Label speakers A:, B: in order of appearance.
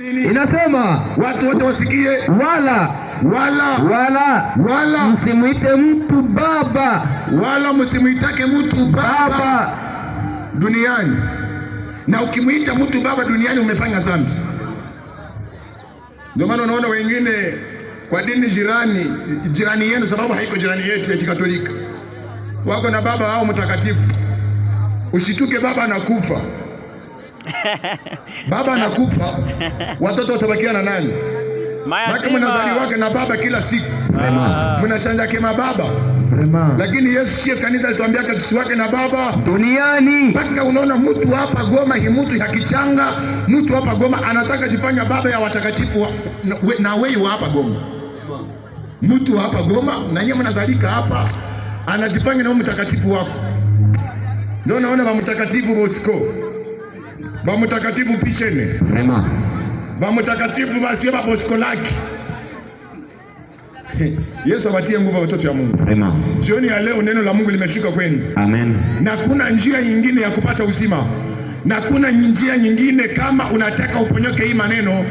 A: Inasema
B: watu wote wasikie,
A: wala wala wala wala msimwite mtu baba,
B: wala msimwitake mtu baba, baba duniani. Na ukimwita mtu baba duniani umefanya dhambi. Ndio maana unaona wengine kwa dini jirani jirani yenu, sababu haiko jirani yetu ya Kikatolika, wako na baba au mtakatifu. Usituke baba anakufa baba anakufa, watoto watabakia na nani? Mayatima. wake na baba kila siku, mnachanjake mababa Prema. Lakini Yesu sio kanisa alituambiaka wake na baba
A: duniani.
B: Mpaka unaona mtu hapa Goma hi mtu kichanga mtu hapa Goma anataka jifanya baba ya watakatifu na wei wa hapa Goma, mtu hapa Goma na yeye mnazalika hapa anajifanya na mtakatifu wako, ndio naona mtakatifu Bosco bamutakatifu pichene vraiment bamutakatifu basie babosko lake Yesu awatie nguvu watoto wa Mungu. Amen. Jioni ya leo neno la Mungu limeshuka kwenu. Amen. Na kuna njia nyingine ya kupata uzima na kuna njia nyingine, kama unataka uponyoke hii maneno